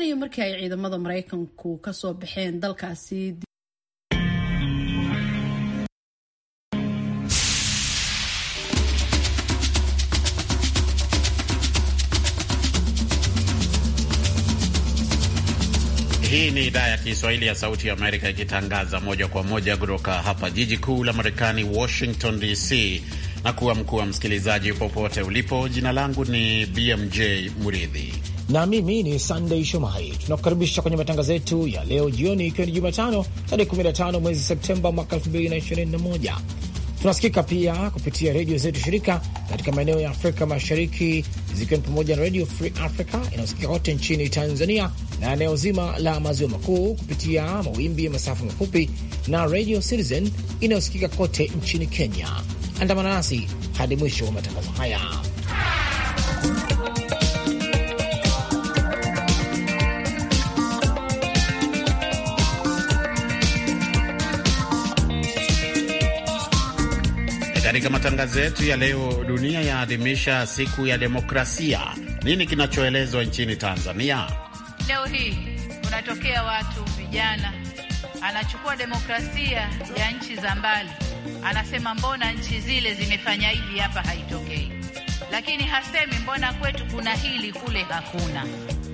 tan iyo markii ay ciidamada maraykanku ka soo baxeen dalkaasi Hii ni idhaa ya Kiswahili ya Sauti ya Amerika ikitangaza moja kwa moja kutoka hapa jiji kuu la Marekani, Washington DC, na kuwa mkuu wa msikilizaji popote ulipo. Jina langu ni BMJ Muridhi na mimi ni sandey Shomari. Tunakukaribisha kwenye matangazo yetu ya leo jioni, ikiwa ni Jumatano tarehe 15 mwezi Septemba mwaka 2021. Tunasikika pia kupitia redio zetu shirika katika maeneo ya Afrika Mashariki, zikiwa ni pamoja na Redio Free Africa inayosikika kote nchini Tanzania na eneo zima la maziwa makuu kupitia mawimbi ya masafa mafupi na Radio Citizen inayosikika kote nchini Kenya. Andamana nasi hadi mwisho wa matangazo haya. Katika matangazo yetu ya leo, dunia yaadhimisha siku ya demokrasia. Nini kinachoelezwa nchini Tanzania leo hii? Unatokea watu vijana, anachukua demokrasia ya nchi za mbali, anasema mbona nchi zile zimefanya hivi, hapa haitokei, lakini hasemi mbona kwetu kuna hili, kule hakuna.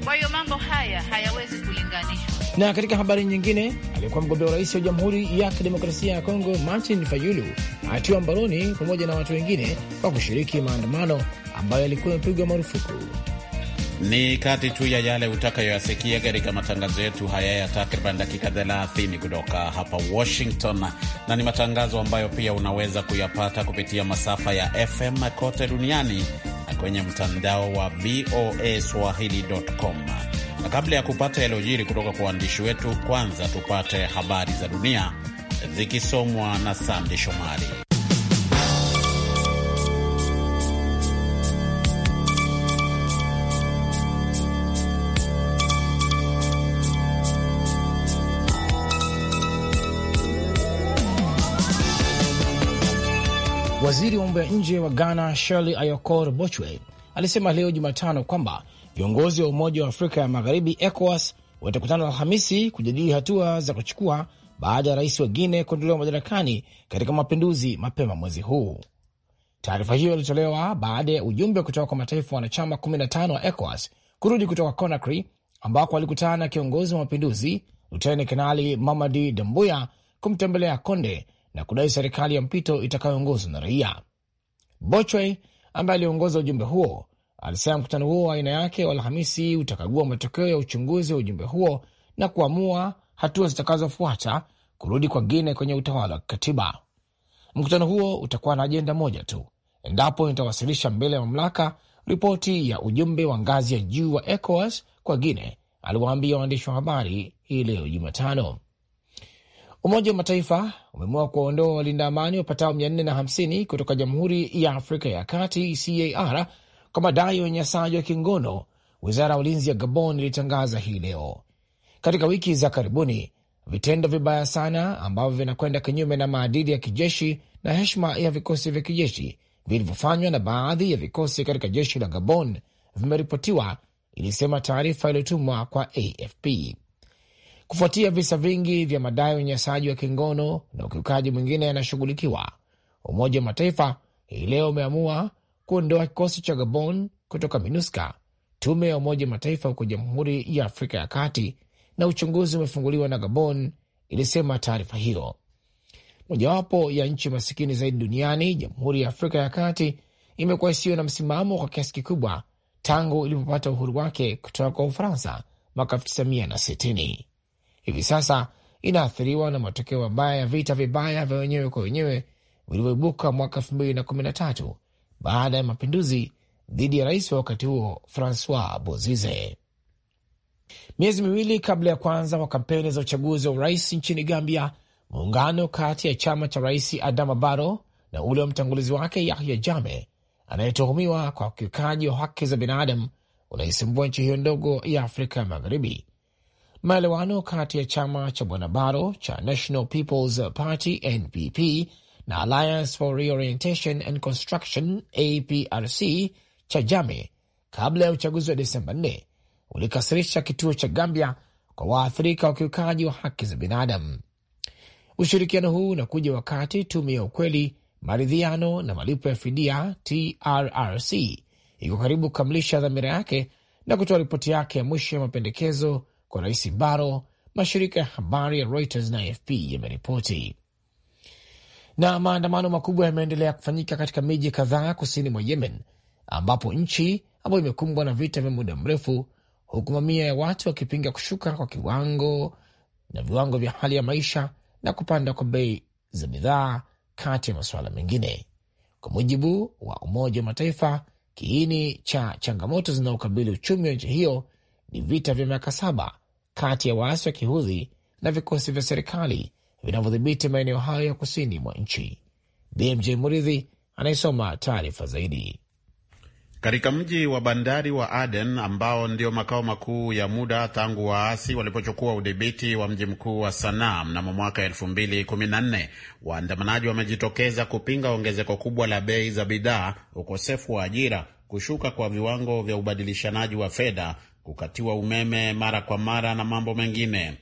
Kwa hiyo mambo haya hayawezi kulinganishwa. Na katika habari nyingine, aliyekuwa mgombea urais wa Jamhuri ya Kidemokrasia ya Kongo Martin Fayulu atiwa mbaroni pamoja na watu wengine kwa kushiriki maandamano ambayo yalikuwa yamepigwa marufuku. Ni kati tu ya yale utakayoyasikia katika matangazo yetu haya ya takriban dakika 30 kutoka hapa Washington, na ni matangazo ambayo pia unaweza kuyapata kupitia masafa ya FM kote duniani na kwenye mtandao wa voa swahili.com. Na kabla ya kupata yaliyojiri kutoka kwa waandishi wetu, kwanza tupate habari za dunia zikisomwa na Sande Shomari. Waziri wa mambo ya nje wa Ghana Shirley Ayokor Bochwe alisema leo Jumatano kwamba Viongozi wa Umoja wa Afrika ya Magharibi, ECOWAS, watakutana Alhamisi kujadili hatua za kuchukua baada ya rais wa Guine kuondolewa madarakani katika mapinduzi mapema mwezi huu. Taarifa hiyo ilitolewa baada ya ujumbe kutoka kwa mataifa wanachama 15 wa ECOWAS kurudi kutoka Conakry ambako walikutana na kiongozi wa mapinduzi Luteni Kanali Mamadi Dambuya kumtembelea Konde na kudai serikali ya mpito itakayoongozwa na raia. Bochwe ambaye aliongoza ujumbe huo Alisema mkutano huo wa aina yake wa Alhamisi utakagua matokeo ya uchunguzi wa ujumbe huo na kuamua hatua zitakazofuata kurudi kwa Guine kwenye utawala wa kikatiba. Mkutano huo utakuwa na ajenda moja tu, endapo itawasilisha mbele ya mamlaka ripoti ya ujumbe wa ngazi ya juu wa ECOWAS kwa Guine, aliwaambia waandishi wa habari hii leo Jumatano. Umoja wa Mataifa umeamua kuwaondoa walinda amani wapatao 450 kutoka Jamhuri ya Afrika ya Kati CAR kwa madai ya unyanyasaji wa kingono, wizara ya ulinzi ya Gabon ilitangaza hii leo. Katika wiki za karibuni, vitendo vibaya sana ambavyo vinakwenda kinyume na maadili ya kijeshi na heshima ya vikosi vya kijeshi vilivyofanywa na baadhi ya vikosi katika jeshi la Gabon vimeripotiwa, ilisema taarifa iliyotumwa kwa AFP. Kufuatia visa vingi vya madai ya unyanyasaji wa kingono na ukiukaji mwingine yanashughulikiwa, Umoja wa Mataifa hii leo umeamua kuondoa kikosi cha Gabon kutoka MINUSCA, tume ya Umoja Mataifa huko Jamhuri ya Afrika ya Kati, na uchunguzi umefunguliwa na Gabon, ilisema taarifa hiyo. Mojawapo ya nchi masikini zaidi duniani, Jamhuri ya Afrika ya Kati imekuwa isiyo na msimamo kwa kiasi kikubwa tangu ilipopata uhuru wake kutoka kwa Ufaransa mwaka 1960. Hivi sasa inaathiriwa na matokeo mabaya ya vita vibaya vya wenyewe kwa wenyewe vilivyoibuka mwaka 2013 baada ya mapinduzi dhidi ya rais wa wakati huo Francois Bozize. Miezi miwili kabla ya kwanza kwa kampeni za uchaguzi wa urais nchini Gambia, muungano kati ya chama cha rais Adama Barrow na ule wa mtangulizi wake Yahya Jammeh anayetuhumiwa kwa ukiukaji wa haki za binadamu unaisimbua nchi hiyo ndogo ya Afrika ya Magharibi. Maelewano kati ya chama cha bwana Barrow cha National People's Party NPP na Alliance for Reorientation and Construction APRC cha Jame kabla ya uchaguzi wa Desemba 4 ulikasirisha kituo cha Gambia kwa waathirika wa ukiukaji wa haki za binadamu. Ushirikiano huu unakuja wakati tume ya ukweli, maridhiano na malipo ya fidia TRRC iko karibu kukamilisha dhamira yake na kutoa ripoti yake ya mwisho ya mapendekezo kwa Rais Baro. mashirika ya habari ya Reuters na AFP yameripoti. Na maandamano makubwa yameendelea kufanyika katika miji kadhaa kusini mwa Yemen, ambapo nchi ambayo imekumbwa na vita vya muda mrefu, huku mamia ya watu wakipinga kushuka kwa kiwango na viwango vya hali ya maisha na kupanda kwa bei za bidhaa, kati ya masuala mengine. Kwa mujibu wa Umoja wa Mataifa, kiini cha changamoto zinaokabili uchumi wa nchi hiyo ni vita vya miaka saba kati ya waasi wa kihudhi na vikosi vya serikali vinavyodhibiti maeneo hayo ya kusini mwa nchi. BMJ Muridhi anayesoma taarifa zaidi. Katika mji wa bandari wa Aden ambao ndio makao makuu ya muda tangu waasi walipochukua udhibiti wa mji mkuu wa Sanaa mnamo mwaka 2014 waandamanaji wamejitokeza kupinga ongezeko kubwa la bei za bidhaa, ukosefu wa ajira, kushuka kwa viwango vya ubadilishanaji wa fedha, kukatiwa umeme mara kwa mara na mambo mengine.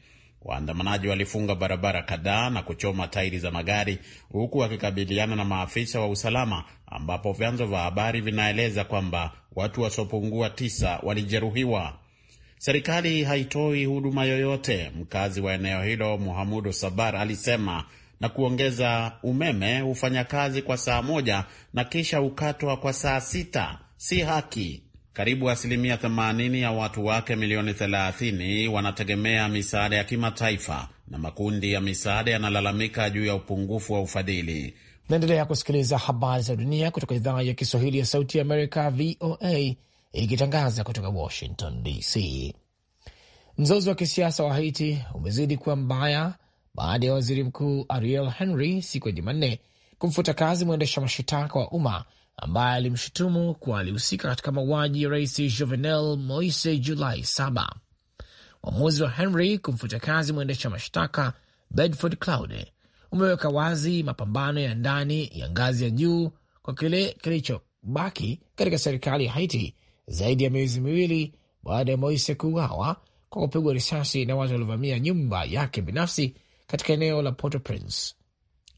Waandamanaji walifunga barabara kadhaa na kuchoma tairi za magari huku wakikabiliana na maafisa wa usalama, ambapo vyanzo vya habari vinaeleza kwamba watu wasiopungua tisa walijeruhiwa. Serikali haitoi huduma yoyote, mkazi wa eneo hilo Muhamudu Sabar alisema na kuongeza, umeme hufanya kazi kwa saa moja na kisha hukatwa kwa saa sita. Si haki. Karibu asilimia 80 ya watu wake milioni 30 wanategemea misaada ya kimataifa na makundi ya misaada yanalalamika juu ya upungufu wa ufadhili. Naendelea kusikiliza habari za dunia kutoka idhaa ya Kiswahili ya Sauti ya Amerika, VOA, ikitangaza kutoka Washington DC. Mzozo wa kisiasa wa Haiti umezidi kuwa mbaya baada ya waziri mkuu Ariel Henry siku ya Jumanne kumfuta kazi mwendesha mashitaka wa umma ambaye alimshutumu kuwa alihusika katika mauaji ya rais Jovenel Moise Julai 7. Uamuzi wa Henry kumfuta kazi mwendesha mashtaka Bedford Claude umeweka wazi mapambano ya ndani ya ngazi ya juu kwa kile kilichobaki katika serikali ya Haiti zaidi ya miezi miwili baada ya Moise kuuawa kwa kupigwa risasi na watu waliovamia nyumba yake binafsi katika eneo la Port-au-Prince.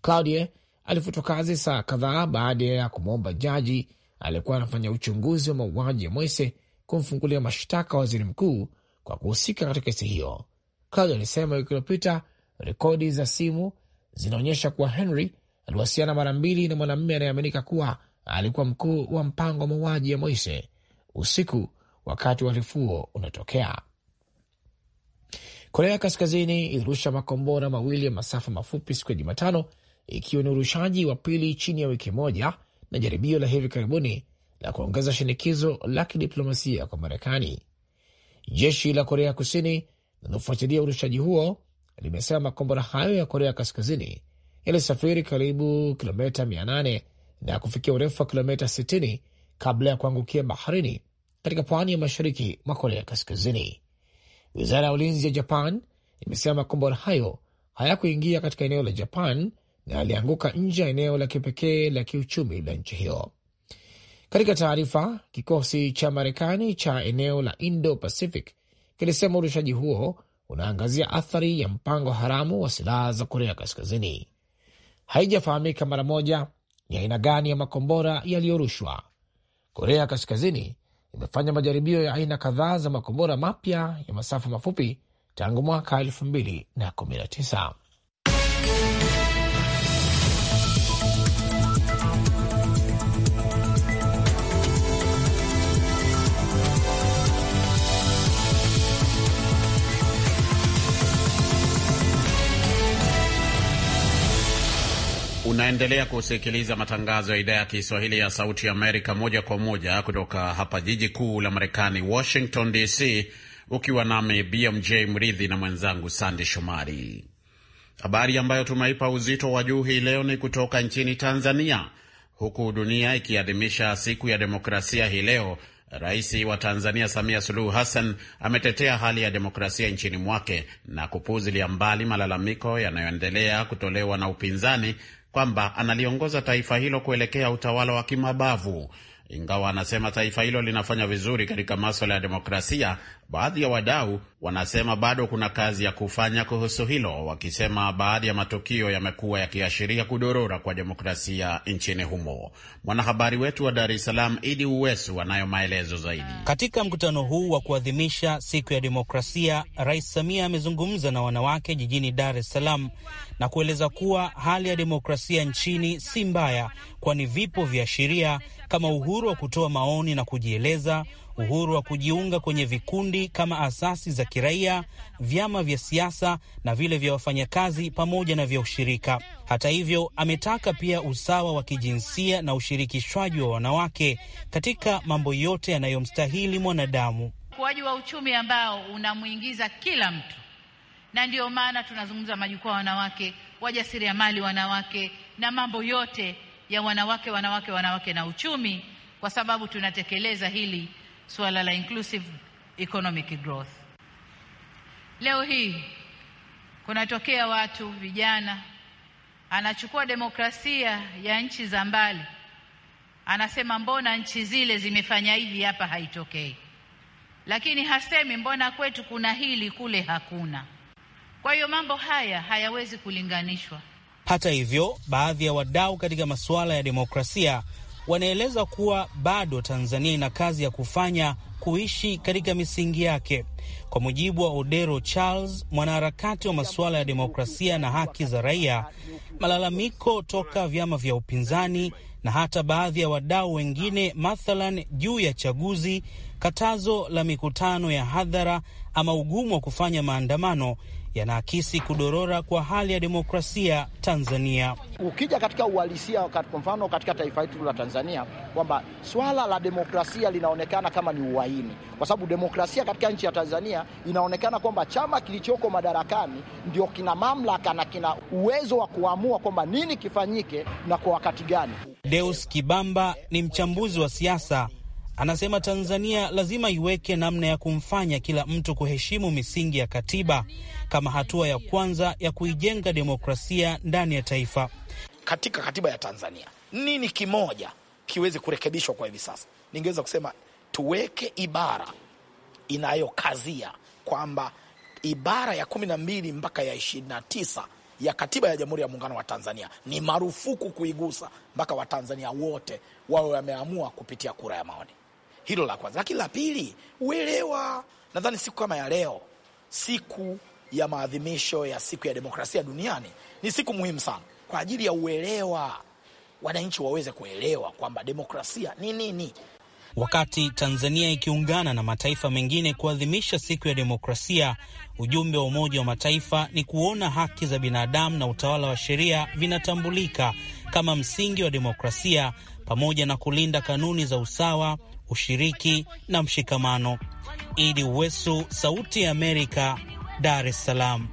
Claudie alifutwa kazi saa kadhaa baada ya kumwomba jaji aliyekuwa anafanya uchunguzi wa mauaji ya Moise kumfungulia mashtaka waziri mkuu kwa kuhusika katika kesi hiyo. Kali alisema wiki iliyopita rekodi za simu zinaonyesha kuwa Henry aliwasiliana mara mbili na mwanamume anayeaminika kuwa alikuwa mkuu wa mpango wa mauaji ya Moise usiku wakati uhalifu unatokea. Korea Kaskazini ilirusha makombora mawili ya masafa mafupi siku ya Jumatano ikiwa ni urushaji wa pili chini ya wiki moja na jaribio la hivi karibuni la kuongeza shinikizo la kidiplomasia kwa Marekani. Jeshi la Korea Kusini linalofuatilia urushaji huo limesema makombora hayo ya Korea Kaskazini yalisafiri karibu kilomita 800 na kufikia urefu wa kilomita 60 kabla ya kuangukia baharini katika pwani ya mashariki mwa Korea Kaskazini. Wizara ya ulinzi ya Japan imesema makombora hayo hayakuingia katika eneo la Japan na alianguka nje ya eneo la kipekee la kiuchumi la nchi hiyo. Katika taarifa, kikosi cha Marekani cha eneo la Indo Pacific kilisema urushaji huo unaangazia athari ya mpango haramu wa silaha za Korea Kaskazini. Haijafahamika mara moja ni aina gani ya makombora yaliyorushwa. Korea Kaskazini imefanya majaribio ya aina kadhaa za makombora mapya ya masafa mafupi tangu mwaka 219 Unaendelea kusikiliza matangazo ya idhaa ya Kiswahili ya Sauti ya Amerika moja kwa moja kutoka hapa jiji kuu la Marekani, Washington DC, ukiwa nami BMJ Mridhi na mwenzangu Sande Shomari. Habari ambayo tumeipa uzito wa juu hii leo ni kutoka nchini Tanzania. Huku dunia ikiadhimisha siku ya demokrasia hii leo, Rais wa Tanzania Samia Suluhu Hassan ametetea hali ya demokrasia nchini mwake na kupuzilia mbali malalamiko yanayoendelea kutolewa na upinzani kwamba analiongoza taifa hilo kuelekea utawala wa kimabavu, ingawa anasema taifa hilo linafanya vizuri katika maswala ya demokrasia, Baadhi ya wadau wanasema bado kuna kazi ya kufanya kuhusu hilo, wakisema baadhi ya matukio yamekuwa yakiashiria kudorora kwa demokrasia nchini humo. Mwanahabari wetu wa Dar es Salaam, Idi Uwesu, anayo maelezo zaidi. Katika mkutano huu wa kuadhimisha siku ya demokrasia, Rais Samia amezungumza na wanawake jijini Dar es Salaam na kueleza kuwa hali ya demokrasia nchini si mbaya, kwani vipo viashiria kama uhuru wa kutoa maoni na kujieleza uhuru wa kujiunga kwenye vikundi kama asasi za kiraia, vyama vya siasa na vile vya wafanyakazi pamoja na vya ushirika. Hata hivyo, ametaka pia usawa wa kijinsia na ushirikishwaji wa wanawake katika mambo yote yanayomstahili mwanadamu. Ukuaji wa uchumi ambao unamwingiza kila mtu, na ndiyo maana tunazungumza majukwaa wanawake, wajasiriamali wanawake na mambo yote ya wanawake, wanawake, wanawake na uchumi, kwa sababu tunatekeleza hili suala la inclusive economic growth. Leo hii kunatokea watu vijana, anachukua demokrasia ya nchi za mbali, anasema mbona nchi zile zimefanya hivi, hapa haitokei, lakini hasemi mbona kwetu kuna hili, kule hakuna. Kwa hiyo mambo haya hayawezi kulinganishwa. Hata hivyo, baadhi ya wadau katika masuala ya demokrasia wanaeleza kuwa bado Tanzania ina kazi ya kufanya kuishi katika misingi yake. Kwa mujibu wa Odero Charles, mwanaharakati wa masuala ya demokrasia na haki za raia, malalamiko toka vyama vya upinzani na hata baadhi ya wadau wengine, mathalan juu ya chaguzi, katazo la mikutano ya hadhara ama ugumu wa kufanya maandamano yanaakisi kudorora kwa hali ya demokrasia Tanzania. Ukija katika uhalisia, kwa mfano katika taifa letu la Tanzania, kwamba swala la demokrasia linaonekana kama ni uhaini, kwa sababu demokrasia katika nchi ya Tanzania inaonekana kwamba chama kilichoko madarakani ndio kina mamlaka na kina uwezo wa kuamua kwamba nini kifanyike na kwa wakati gani. Deus Kibamba ni mchambuzi wa siasa Anasema Tanzania lazima iweke namna ya kumfanya kila mtu kuheshimu misingi ya katiba kama hatua ya kwanza ya kuijenga demokrasia ndani ya taifa. Katika katiba ya Tanzania nini kimoja kiweze kurekebishwa kwa hivi sasa? Ningeweza kusema tuweke ibara inayokazia kwamba ibara ya kumi na mbili mpaka ya ishirini na tisa ya katiba ya Jamhuri ya Muungano wa Tanzania ni marufuku kuigusa mpaka Watanzania wote wawe wameamua kupitia kura ya maoni. Hilo la kwanza, lakini la pili, uelewa. Nadhani siku kama ya leo, siku ya maadhimisho ya siku ya demokrasia duniani ni siku muhimu sana kwa ajili ya uelewa, wananchi waweze kuelewa kwamba demokrasia ni nini. Wakati Tanzania ikiungana na mataifa mengine kuadhimisha siku ya demokrasia, ujumbe wa Umoja wa Mataifa ni kuona haki za binadamu na utawala wa sheria vinatambulika kama msingi wa demokrasia pamoja na kulinda kanuni za usawa, ushiriki na mshikamano. Idi Wesu, Sauti ya Amerika, Dar es Salaam.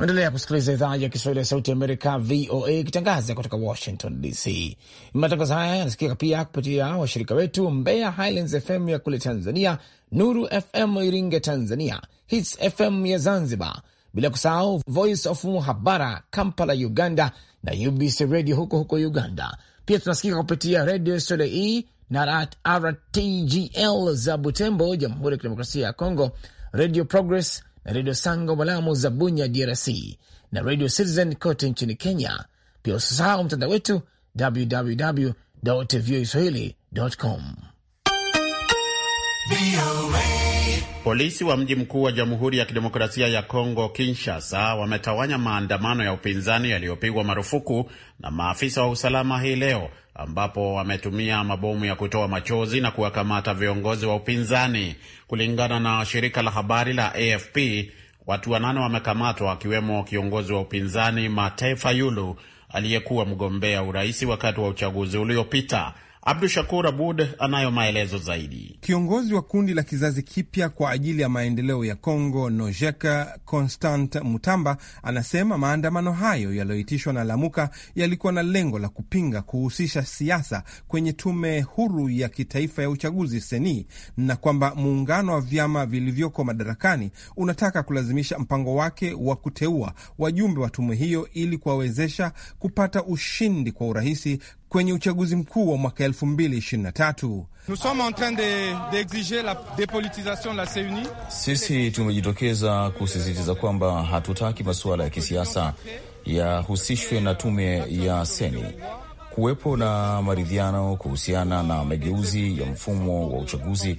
Endelea kusikiliza idhaa ya Kiswahili ya Sauti ya Amerika, VOA, ikitangaza kutoka Washington DC. Matangazo haya yanasikika pia kupitia washirika wetu Mbeya Highlands FM ya kule Tanzania, Nuru FM Iringe Tanzania, Hits FM ya Zanzibar, bila kusahau Voice of Muhabara Kampala, Uganda, na UBC redio huko huko Uganda. Pia tunasikika kupitia redio Soleil e na RTGL za Butembo, Jamhuri ya Kidemokrasia ya Kongo, redio Progress na redio Sango Malamu za Bunya, DRC, na redio Citizen kote nchini Kenya. Pia usisahau mtandao wetu www voaswahili.com. Polisi wa mji mkuu wa Jamhuri ya Kidemokrasia ya Kongo, Kinshasa, wametawanya maandamano ya upinzani yaliyopigwa marufuku na maafisa wa usalama hii leo, ambapo wametumia mabomu ya kutoa machozi na kuwakamata viongozi wa upinzani. Kulingana na shirika la habari la AFP, watu wanane wamekamatwa, akiwemo kiongozi wa upinzani mate Fayulu aliyekuwa mgombea urais wakati wa uchaguzi uliopita. Abdu Shakur Abud anayo maelezo zaidi. Kiongozi wa kundi la kizazi kipya kwa ajili ya maendeleo ya congo Nojeka Constant Mutamba, anasema maandamano hayo yaliyoitishwa na Lamuka yalikuwa na lengo la kupinga kuhusisha siasa kwenye tume huru ya kitaifa ya uchaguzi seni, na kwamba muungano wa vyama vilivyoko madarakani unataka kulazimisha mpango wake wa kuteua wajumbe wa tume hiyo ili kuwawezesha kupata ushindi kwa urahisi kwenye uchaguzi mkuu wa mwaka 2023. Sisi tumejitokeza kusisitiza kwamba hatutaki masuala ya kisiasa yahusishwe na tume ya seni. Kuwepo na maridhiano kuhusiana na mageuzi ya mfumo wa uchaguzi.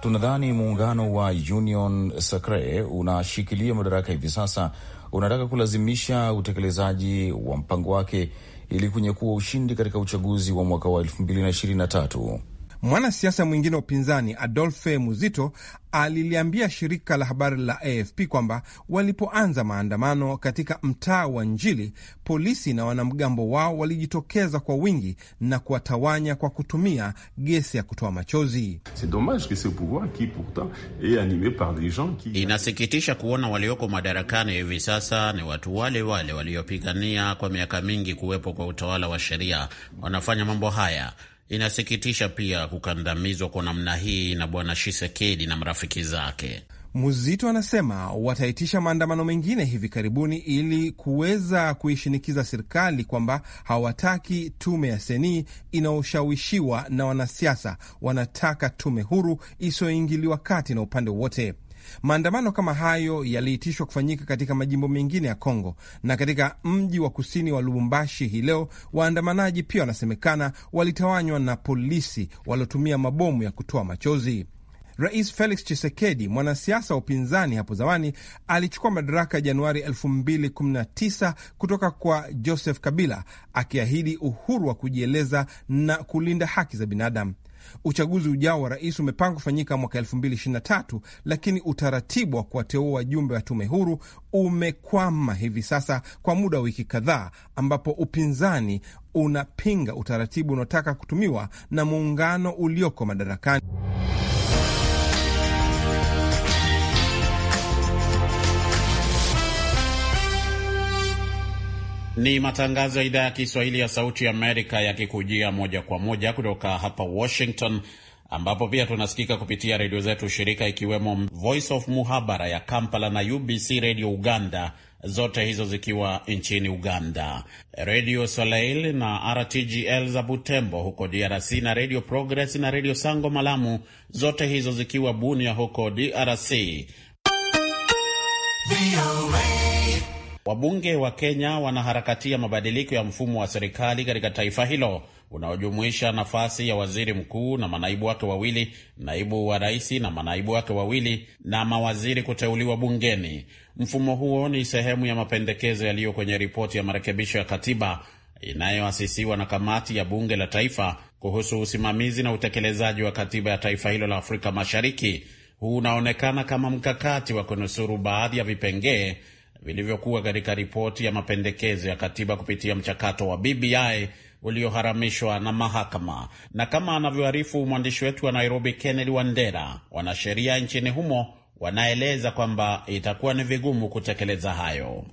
Tunadhani muungano wa Union Sacre unashikilia madaraka hivi sasa unataka kulazimisha utekelezaji wa mpango wake ili kunyakua ushindi katika uchaguzi wa mwaka wa elfu mbili na ishirini na tatu. Mwanasiasa mwingine wa upinzani adolfe Muzito aliliambia shirika la habari la AFP kwamba walipoanza maandamano katika mtaa wa Njili, polisi na wanamgambo wao walijitokeza kwa wingi na kuwatawanya kwa kutumia gesi ya kutoa machozi. Inasikitisha kuona walioko madarakani hivi sasa ni watu wale wale waliopigania kwa miaka mingi kuwepo kwa utawala wa sheria, wanafanya mambo haya Inasikitisha pia kukandamizwa kwa namna hii na Bwana Shisekedi na marafiki zake. Muzito anasema wataitisha maandamano mengine hivi karibuni ili kuweza kuishinikiza serikali kwamba hawataki tume ya Senii inayoshawishiwa na wanasiasa. Wanataka tume huru isiyoingiliwa kati na upande wowote. Maandamano kama hayo yaliitishwa kufanyika katika majimbo mengine ya Kongo na katika mji wa kusini wa Lubumbashi hii leo. Waandamanaji pia wanasemekana walitawanywa na polisi waliotumia mabomu ya kutoa machozi. Rais Felix Tshisekedi, mwanasiasa wa upinzani hapo zamani, alichukua madaraka Januari 2019 kutoka kwa Joseph Kabila, akiahidi uhuru wa kujieleza na kulinda haki za binadamu. Uchaguzi ujao wa rais umepangwa kufanyika mwaka 2023 lakini utaratibu wa kuwateua wajumbe wa tume huru umekwama hivi sasa kwa muda wa wiki kadhaa, ambapo upinzani unapinga utaratibu unaotaka kutumiwa na muungano ulioko madarakani. Ni matangazo ya idhaa ya Kiswahili ya Sauti ya Amerika yakikujia moja kwa moja kutoka hapa Washington, ambapo pia tunasikika kupitia redio zetu shirika, ikiwemo Voice of Muhabara ya Kampala na UBC Redio Uganda, zote hizo zikiwa nchini Uganda, Redio Soleil na RTGL za Butembo huko DRC, na Redio Progress na Redio Sango Malamu, zote hizo zikiwa Bunia huko DRC. Wabunge wa Kenya wanaharakatia mabadiliko ya mfumo wa serikali katika taifa hilo unaojumuisha nafasi ya waziri mkuu na manaibu wake wawili, naibu wa rais na manaibu wake wawili, na mawaziri kuteuliwa bungeni. Mfumo huo ni sehemu ya mapendekezo yaliyo kwenye ripoti ya marekebisho ya katiba inayoasisiwa na kamati ya bunge la taifa kuhusu usimamizi na utekelezaji wa katiba ya taifa hilo la Afrika Mashariki. Huu unaonekana kama mkakati wa kunusuru baadhi ya vipengee vilivyokuwa katika ripoti ya mapendekezo ya katiba kupitia mchakato wa BBI ulioharamishwa na mahakama. Na kama anavyoarifu mwandishi wetu wa Nairobi, Kennedy Wandera, wanasheria nchini humo wanaeleza kwamba itakuwa ni vigumu kutekeleza hayo.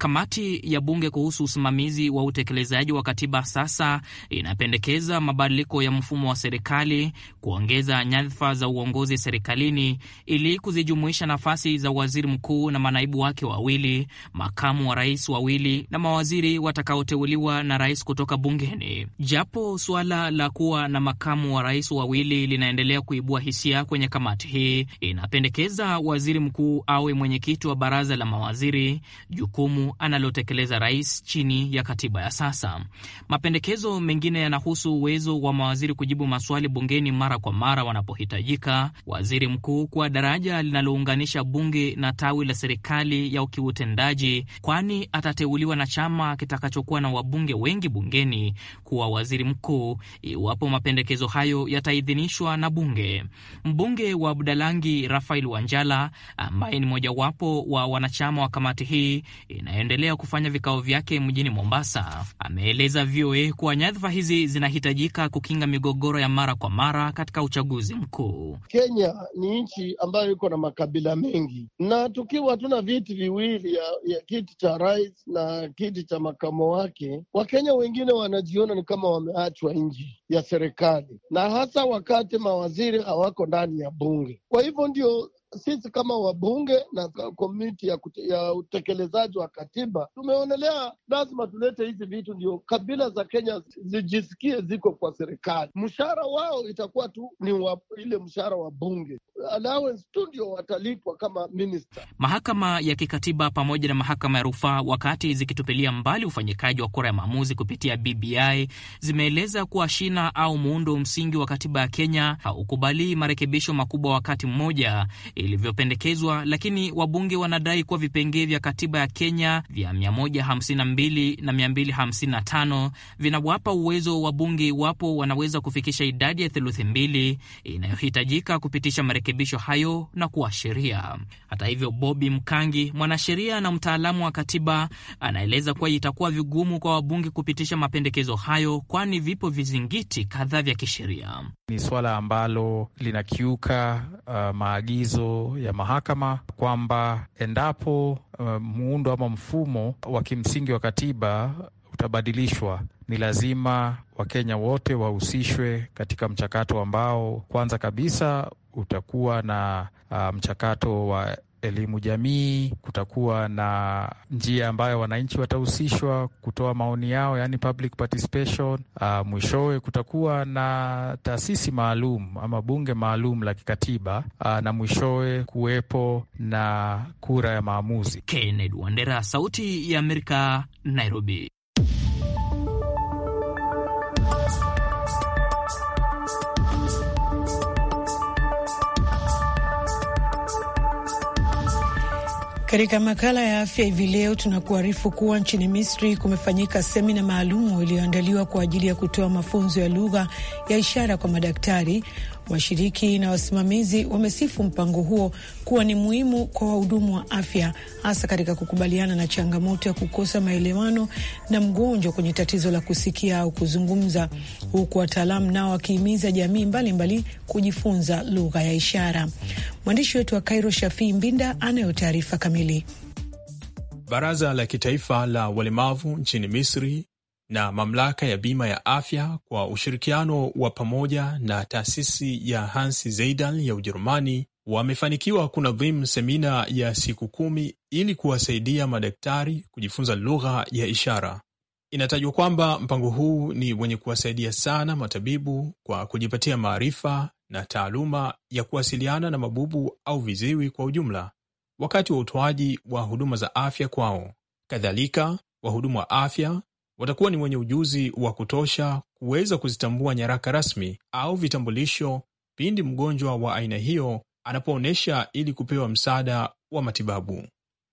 Kamati ya bunge kuhusu usimamizi wa utekelezaji wa katiba sasa inapendekeza mabadiliko ya mfumo wa serikali, kuongeza nyadhifa za uongozi serikalini ili kuzijumuisha nafasi za waziri mkuu na manaibu wake wawili, makamu wa rais wawili na mawaziri watakaoteuliwa na rais kutoka bungeni. Japo suala la kuwa na makamu wa rais wawili linaendelea kuibua hisia kwenye kamati hii, inapendekeza waziri mkuu awe mwenyekiti wa baraza la mawaziri, jukumu analotekeleza rais chini ya katiba ya sasa. Mapendekezo mengine yanahusu uwezo wa mawaziri kujibu maswali bungeni mara kwa mara wanapohitajika, waziri mkuu kuwa daraja linalounganisha bunge na tawi la serikali ya kiutendaji, kwani atateuliwa na chama kitakachokuwa na wabunge wengi bungeni kuwa waziri mkuu iwapo mapendekezo hayo yataidhinishwa na bunge. Mbunge wa Budalangi Rafael Wanjala ambaye ni mojawapo wa wanachama wa kamati hii ina yanaendelea kufanya vikao vyake mjini Mombasa, ameeleza VOA kuwa nyadhifa hizi zinahitajika kukinga migogoro ya mara kwa mara katika uchaguzi mkuu. Kenya ni nchi ambayo iko na makabila mengi, na tukiwa tuna viti viwili ya, ya kiti cha rais na kiti cha makamo wake, Wakenya wengine wanajiona ni kama wameachwa nje ya serikali, na hasa wakati mawaziri hawako ndani ya bunge. Kwa hivyo ndio sisi kama wabunge na komiti ya, ya utekelezaji wa katiba tumeonelea lazima tulete hizi vitu ndio kabila za Kenya zijisikie ziko kwa serikali. Mshahara wao itakuwa tu ni wa, ile mshahara wa bunge allowance tu ndio watalipwa kama minister. Mahakama ya kikatiba pamoja na mahakama ya rufaa, wakati zikitupilia mbali ufanyikaji wa kura ya maamuzi kupitia BBI, zimeeleza kuwa shina au muundo msingi wa katiba ya Kenya haukubali marekebisho makubwa wakati mmoja ilivyopendekezwa, lakini wabunge wanadai kuwa vipengee vya katiba ya Kenya vya 152 na 255 vinawapa uwezo wabunge iwapo wanaweza kufikisha idadi ya theluthi mbili inayohitajika kupitisha marekebisho marekebisho hayo na kuwa sheria. Hata hivyo, Bobi Mkangi, mwanasheria na mtaalamu wa katiba, anaeleza kuwa itakuwa vigumu kwa wabunge kupitisha mapendekezo hayo, kwani vipo vizingiti kadhaa vya kisheria. Ni swala ambalo linakiuka uh, maagizo ya mahakama kwamba endapo uh, muundo ama mfumo wa kimsingi wa katiba utabadilishwa ni lazima Wakenya wote wahusishwe katika mchakato ambao kwanza kabisa utakuwa na uh, mchakato wa elimu jamii, kutakuwa na njia ambayo wananchi watahusishwa kutoa maoni yao, yani public participation. Uh, mwishowe kutakuwa na taasisi maalum ama bunge maalum la kikatiba uh, na mwishowe kuwepo na kura ya maamuzi. Kennedy Wandera, Sauti ya Amerika, Nairobi. Katika makala ya afya hivi leo tunakuarifu kuwa nchini Misri kumefanyika semina maalumu iliyoandaliwa kwa ajili ya kutoa mafunzo ya lugha ya ishara kwa madaktari Washiriki na wasimamizi wamesifu mpango huo kuwa ni muhimu kwa wahudumu wa afya, hasa katika kukubaliana na changamoto ya kukosa maelewano na mgonjwa kwenye tatizo la kusikia au kuzungumza, huku wataalamu nao wakihimiza jamii mbalimbali mbali kujifunza lugha ya ishara. Mwandishi wetu wa Kairo, Shafii Mbinda, anayo taarifa kamili. Baraza la Kitaifa la Walemavu nchini Misri na Mamlaka ya Bima ya Afya kwa ushirikiano wa pamoja na taasisi ya Hansi zeidal ya Ujerumani wamefanikiwa kunadhimu semina ya siku kumi ili kuwasaidia madaktari kujifunza lugha ya ishara. Inatajwa kwamba mpango huu ni wenye kuwasaidia sana matabibu kwa kujipatia maarifa na taaluma ya kuwasiliana na mabubu au viziwi kwa ujumla wakati wa utoaji wa huduma za afya kwao. Kadhalika, wahudumu wa afya watakuwa ni wenye ujuzi wa kutosha kuweza kuzitambua nyaraka rasmi au vitambulisho pindi mgonjwa wa aina hiyo anapoonyesha ili kupewa msaada wa matibabu.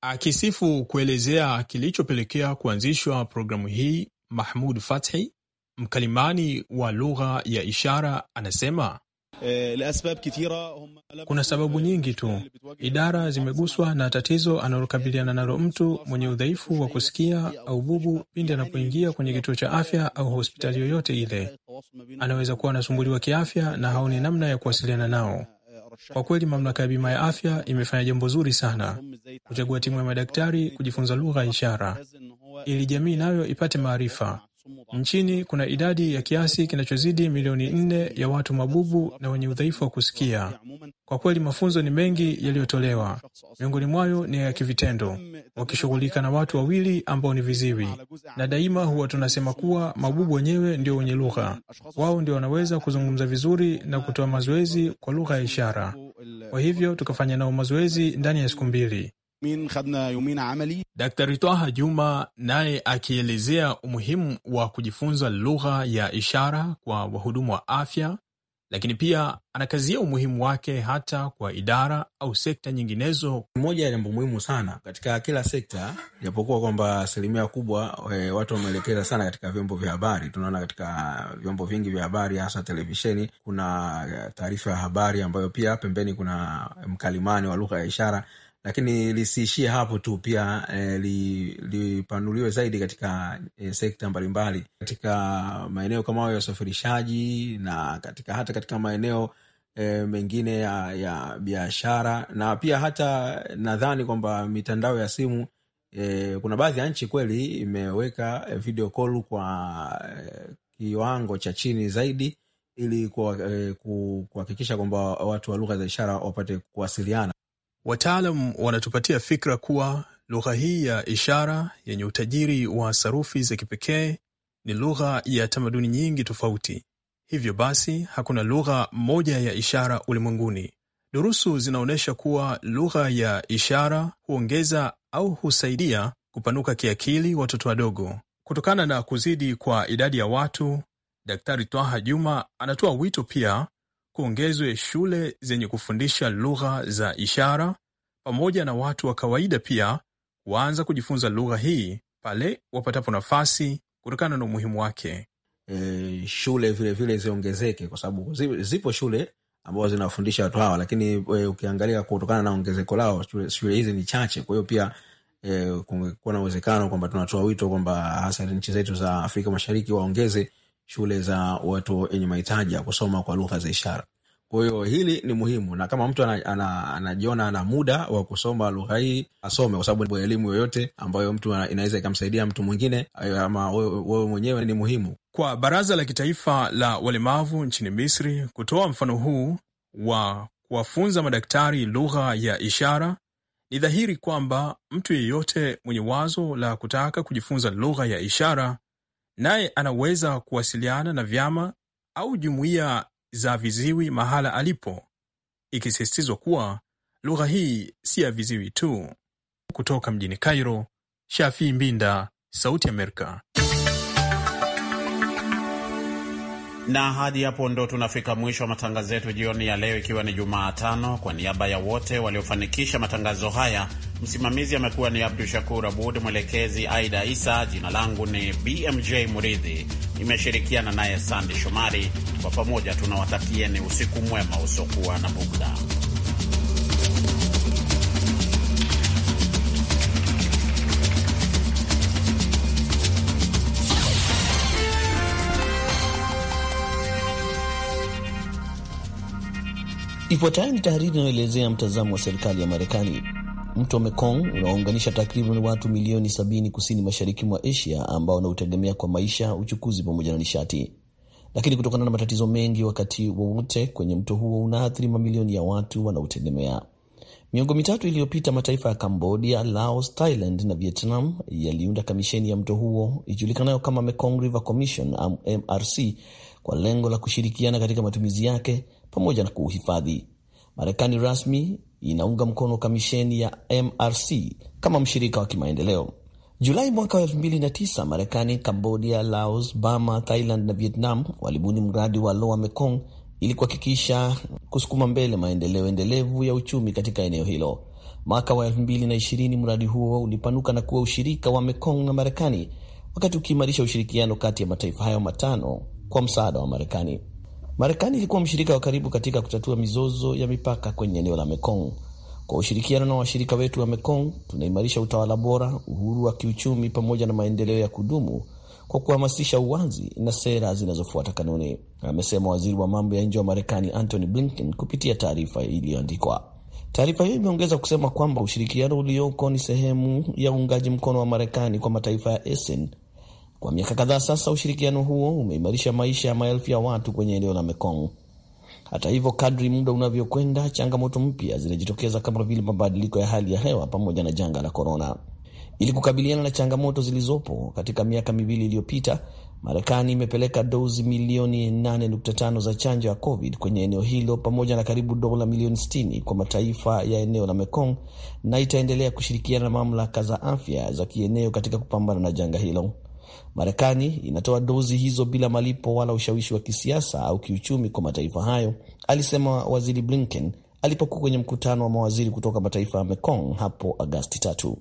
Akisifu kuelezea kilichopelekea kuanzishwa programu hii, Mahmud Fathi, mkalimani wa lugha ya ishara, anasema Eh, Kuna sababu nyingi tu, idara zimeguswa na tatizo analokabiliana nalo mtu mwenye udhaifu wa kusikia au bubu pindi anapoingia kwenye kituo cha afya au hospitali yoyote ile. Anaweza kuwa anasumbuliwa kiafya na haoni namna ya kuwasiliana nao. Kwa kweli mamlaka ya bima ya afya imefanya jambo zuri sana kuchagua timu ya madaktari kujifunza lugha ya ishara ili jamii nayo ipate maarifa. Nchini kuna idadi ya kiasi kinachozidi milioni nne ya watu mabubu na wenye udhaifu wa kusikia. Kwa kweli mafunzo ni mengi yaliyotolewa, miongoni mwayo ni ya kivitendo, wakishughulika na watu wawili ambao ni viziwi, na daima huwa tunasema kuwa mabubu wenyewe ndio wenye lugha. Wao ndio wanaweza kuzungumza vizuri na kutoa mazoezi kwa lugha ya ishara. Kwa hivyo tukafanya nao mazoezi ndani ya siku mbili. Dr. khadna Twaha Juma naye akielezea umuhimu wa kujifunza lugha ya ishara kwa wahudumu wa afya, lakini pia anakazia umuhimu wake hata kwa idara au sekta nyinginezo. Moja ya jambo muhimu sana katika kila sekta, japokuwa kwamba asilimia kubwa we, watu wameelekeza sana katika vyombo vya habari. Tunaona katika vyombo vingi vya habari, hasa televisheni, kuna taarifa ya habari ambayo pia pembeni kuna mkalimani wa lugha ya ishara lakini lisiishie hapo tu, pia eh, lipanuliwe zaidi katika eh, sekta mbalimbali katika maeneo kama hayo ya usafirishaji na katika hata katika maeneo eh, mengine ya, ya biashara na pia hata nadhani kwamba mitandao ya simu eh, kuna baadhi ya nchi kweli imeweka eh, video call kwa eh, kiwango cha chini zaidi ili eh, kuhakikisha eh, kwamba watu wa lugha za ishara wapate kuwasiliana. Wataalam wanatupatia fikra kuwa lugha hii ya ishara yenye utajiri wa sarufi za kipekee ni lugha ya tamaduni nyingi tofauti. Hivyo basi hakuna lugha moja ya ishara ulimwenguni. Durusu zinaonyesha kuwa lugha ya ishara huongeza au husaidia kupanuka kiakili watoto wadogo. Kutokana na kuzidi kwa idadi ya watu, Daktari Twaha Juma anatoa wito pia kuongezwe shule zenye kufundisha lugha za ishara pamoja na watu wa kawaida pia kuanza kujifunza lugha hii pale wapatapo nafasi kutokana na umuhimu wake. E, shule vilevile ziongezeke kwa sababu zipo shule ambazo zinawafundisha watu hawa, lakini e, ukiangalia kutokana na ongezeko lao shule, shule hizi ni chache. Kwa hiyo pia e, kuwa na uwezekano kwamba tunatoa wito kwamba hasa nchi zetu za Afrika Mashariki waongeze shule za watu wenye mahitaji ya kusoma kwa lugha za ishara. Kwa hiyo hili ni muhimu, na kama mtu anajiona ana, ana, ana muda wa kusoma lugha hii asome, kwa sababu elimu yoyote ambayo mtu inaweza ikamsaidia mtu mwingine eh, ama wewe mwenyewe ni muhimu. Kwa Baraza la Kitaifa la Walemavu nchini Misri kutoa mfano huu wa kuwafunza madaktari lugha ya ishara, ni dhahiri kwamba mtu yeyote mwenye wazo la kutaka kujifunza lugha ya ishara naye anaweza kuwasiliana na vyama au jumuiya za viziwi mahala alipo, ikisisitizwa kuwa lugha hii si ya viziwi tu. Kutoka mjini Cairo, Shafii Mbinda, Sauti Amerika. na hadi hapo ndo tunafika mwisho wa matangazo yetu jioni ya leo, ikiwa ni Jumatano. Kwa niaba ya wote waliofanikisha matangazo haya, msimamizi amekuwa ni Abdu Shakur Abud, mwelekezi Aida Isa, jina langu ni BMJ Muridhi, nimeshirikiana naye Sandi Shomari. Kwa pamoja tunawatakieni usiku mwema usiokuwa na bugda. Ifuatayo ni tahariri inayoelezea mtazamo wa serikali ya Marekani. Mto Mekong unaounganisha takriban watu milioni 70 kusini mashariki mwa Asia ambao wanautegemea kwa maisha, uchukuzi pamoja na nishati, lakini kutokana na matatizo mengi wakati wowote kwenye mto huo unaathiri mamilioni ya watu wanaotegemea. Miongo mitatu iliyopita mataifa ya Cambodia, Laos, Thailand na Vietnam yaliunda kamisheni ya mto huo ijulikanayo kama Mekong River Commission, MRC, kwa lengo la kushirikiana katika matumizi yake pamoja na kuuhifadhi. Marekani rasmi inaunga mkono kamisheni ya MRC kama mshirika wa kimaendeleo. Julai mwaka wa 2009 Marekani, Cambodia, Laos, Burma, Thailand na Vietnam walibuni mradi wa Lower Mekong ili kuhakikisha kusukuma mbele maendeleo endelevu ya uchumi katika eneo hilo. Mwaka wa 2020 mradi huo ulipanuka na kuwa ushirika wa Mekong na Marekani, wakati ukiimarisha ushirikiano kati ya mataifa hayo matano kwa msaada wa Marekani. Marekani ilikuwa mshirika wa karibu katika kutatua mizozo ya mipaka kwenye eneo la Mekong. Kwa ushirikiano na washirika wetu wa Mekong, tunaimarisha utawala bora, uhuru wa kiuchumi pamoja na maendeleo ya kudumu kwa kuhamasisha uwazi na sera zinazofuata kanuni, amesema waziri wa mambo ya nje wa Marekani Antony Blinken kupitia taarifa iliyoandikwa. Taarifa hiyo imeongeza kusema kwamba ushirikiano ulioko ni sehemu ya uungaji mkono wa Marekani kwa mataifa ya ASEAN kwa miaka kadhaa sasa, ushirikiano huo umeimarisha maisha ya maelfu ya watu kwenye eneo la Mekong. Hata hivyo, kadri muda unavyokwenda, changamoto mpya zinajitokeza kama vile mabadiliko ya hali ya hewa pamoja na janga la korona. Ili kukabiliana na changamoto zilizopo, katika miaka miwili iliyopita, Marekani imepeleka dozi milioni 8.5 za chanjo ya COVID kwenye eneo hilo pamoja na karibu dola milioni 60 kwa mataifa ya eneo la Mekong na itaendelea kushirikiana na mamlaka za afya za kieneo katika kupambana na janga hilo. Marekani inatoa dozi hizo bila malipo wala ushawishi wa kisiasa au kiuchumi kwa mataifa hayo, alisema Waziri Blinken alipokuwa kwenye mkutano wa mawaziri kutoka mataifa ya Mekong hapo Agasti tatu.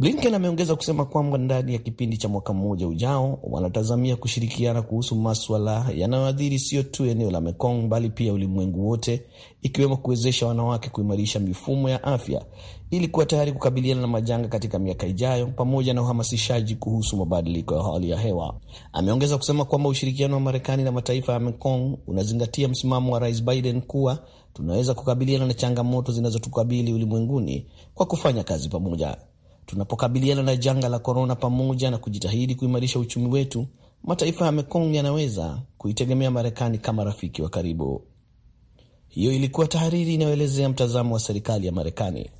Blinken ameongeza kusema kwamba ndani ya kipindi cha mwaka mmoja ujao wanatazamia kushirikiana kuhusu maswala yanayoathiri sio tu eneo la Mekong bali pia ulimwengu wote, ikiwemo kuwezesha wanawake kuimarisha mifumo ya afya ili kuwa tayari kukabiliana na majanga katika miaka ijayo, pamoja na uhamasishaji kuhusu mabadiliko ya hali ya hewa. Ameongeza kusema kwamba ushirikiano wa Marekani na mataifa ya Mekong unazingatia msimamo wa Rais Biden kuwa tunaweza kukabiliana na changamoto zinazotukabili ulimwenguni kwa kufanya kazi pamoja. Tunapokabiliana na janga la korona, pamoja na kujitahidi kuimarisha uchumi wetu, mataifa ya Mekong yanaweza kuitegemea Marekani kama rafiki wa karibu. Hiyo ilikuwa tahariri inayoelezea mtazamo wa serikali ya Marekani.